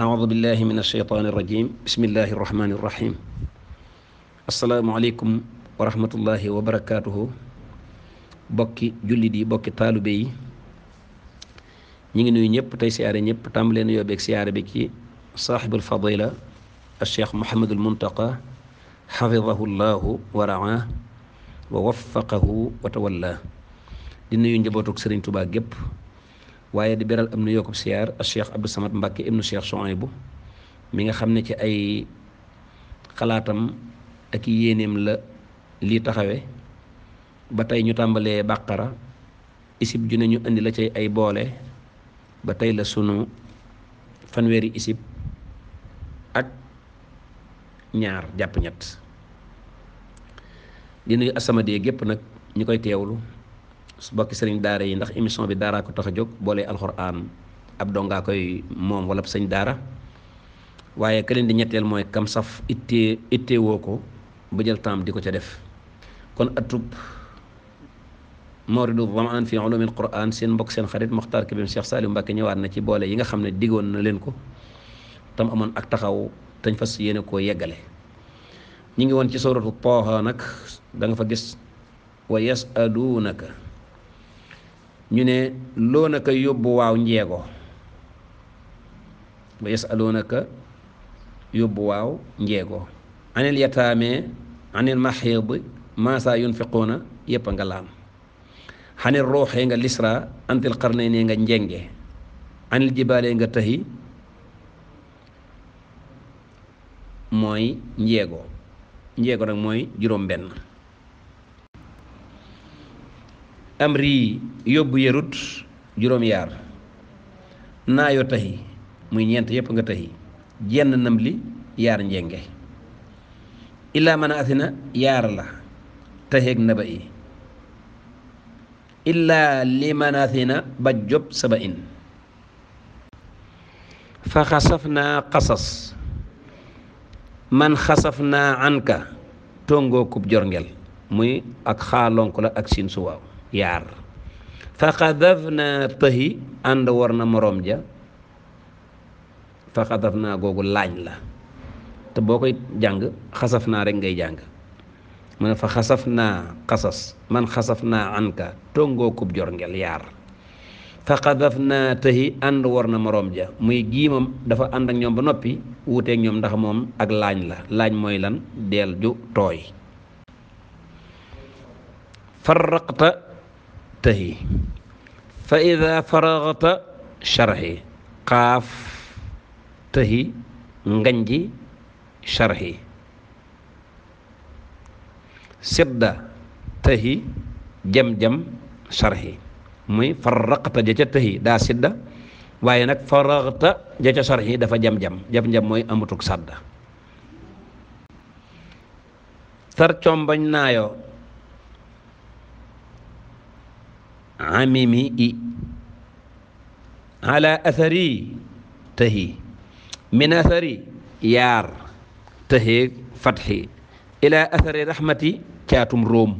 aoudu billahi min alsheytaan irrajim bismillahi irrahmani irrahim asalaamualeykum wa rahmatullahi wa barakatuhu bokki jullit yi bokki taalube yi ñu ngi nuyu ñëpp tey siyaare ñëpp tàmbaleen yóbbeeg siyaare bi ci saaxibul fadila alcheikh mohamadul muntaqa xafidahu llahu wa raa wa waffaqahu wa tawalla di nuyu njabootug sëriñ tubaa gépp waaye di beral am nuyoo ko siyaar alcheikh abdou samad mbàkke ibnu cheikh Souhaïbou mi nga xam ne ci ay xalaatam ak yéeneem la li taxawe ba tey ñu tàmbalee bàqara isib ju ne ñu indi la cay ay boole ba tey la sunu fanweeri isib ñaar jàpp ñett di nuyu asamadee gépp nag ñu koy teewlu su bokki sëriñ daara yi ndax émission bi daaraa ko tax a jóg boolee alxuraan ab dongaa koy moom wala sëñ daara waaye keneen di ñetteel mooy kam saf ittee itteewoo ko ba jël temps di ko ca def kon atub mawridu zamaan fi ulumil seen mbokk seen xarit Mokhtar Kébé Cheikh Saliou ñëwaat na ci boole yi nga xam ne diggoon na leen ko tam amoon ak taxaw dañ fas yéene koo yeggale ñu ngi woon ci soratu Taaha nag danga fa gis wa yasaluunaka ñu ne loo naka yóbbu waaw njeego wa yasaluunaka yóbbu waaw njeego anil yataame anil maxiid maasaa yunfiquuna yépp nga laam xanil ruuxee nga lisra antil qarnay ne nga njenge anil jibaale nga tahi mooy njeego njeego nag mooy juróom benn am rii yóbbu yërut juróom yaar naayoo taxi muy ñeent yépp nga taxi jenn nam li yaar njenge illaa man na yaar la taxeeg naba i illaa li man a ba job saba in fa xasaf naa xasas man xasaf naa anka tongoo kub jorngel muy ak xaalonk la ak siin su waaw yaar fa xadaf naa tëhi ànd war na moroom ja fa xasaf naa googu laañ la te boo koy jàng xasaf naa rek ngay jàng mu ne fa xasaf naa xasas man xasaf naa anka tongoo kub jorngel yaar fa xadaf naa tahi ànd war na moroom ja muy gii dafa ànd ak ñoom ba noppi wuuteeg ñoom ndax moom ak laañ la laañ mooy lan del ju tooy farraqta tahi fa ida faragta sharhi xaaf tahi nganji sharhi sidda tahi jam-jam sharhi muy farraqta ja ca tëhi daa sidda waaye nag farraqta ja ca sarxi dafa jam-jam jam-jam mooy amutuk sadda sar combañ naayo amimi i ala athari tëhi min athari yaar tëhi fatxi ila athari rahmati caatum róom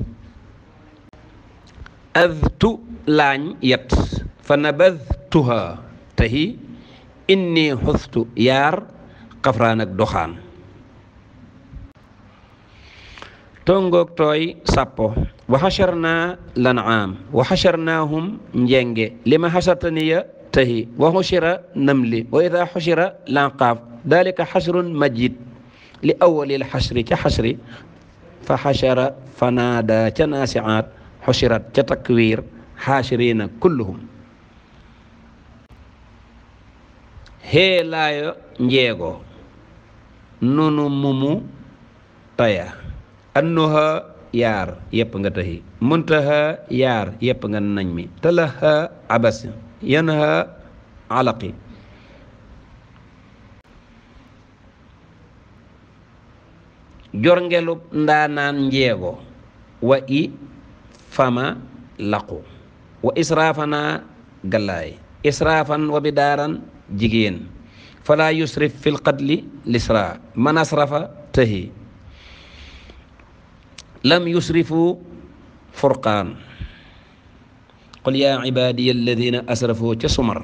aztu laañ yet fa nabadtuha tahi inni xustu yaar xafraan ak doxaan tongoog tooy sàppo wa xasharnaa lanaam wa xasharnaahum njenge lima xasartaniya tahi wa xushira namli wa ida xushira lanqaaf dalika xasrun majid li awalil xasri ca xasri fa xashara ca naasiaat xusirat ca takwiir xaashirina kulluhum heelaayo njeego nunu mumu toya annuha yaar yépp nga tahi muntaha yaar yépp nga nañ mi talaha abas yanha alaqi jorngelub ndaanaan njeego wa i fama laqu wa israafanaa gallaay israafan wa bidaaran jigéen falaa yusrif fil qatli lisra man asrafa tëhi lam yusrifu furqaan qul yaa ibaadiya alladina asrafoo ca sumar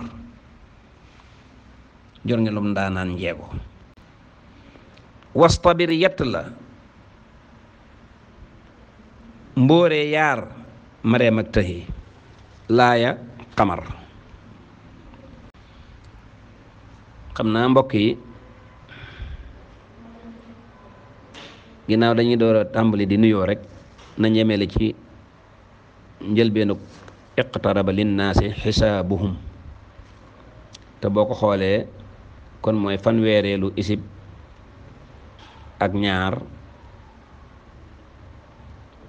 jor nge lum ndaanaan njeego wastabir yett la mbóore yaar mareem ak tëhi laaya xamar xam naa mbokk yi ginnaaw dañuy doora tàmbali di nuyoo rek nañ la ci njëlbeenu iqtaraba linnaasi xisaabuhum te boo ko xoolee kon mooy fanweereelu isib ak ñaar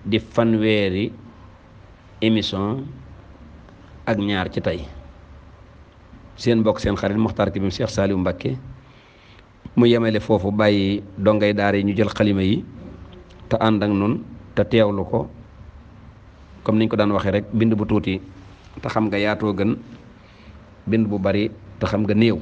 di fanweeri émission ak ñaar ci tey seen mbokk seen xarit Mokhtar Kébé Cheikh Saliou Mbacké mu yemale foofu bàyyi dongay daara yi ñu jël xalima yi te àndak ak nun te teewlu ko comme niñ ko daan waxee rek bind bu tuuti te xam nga yaatoo gën bind bu bari te xam nga néew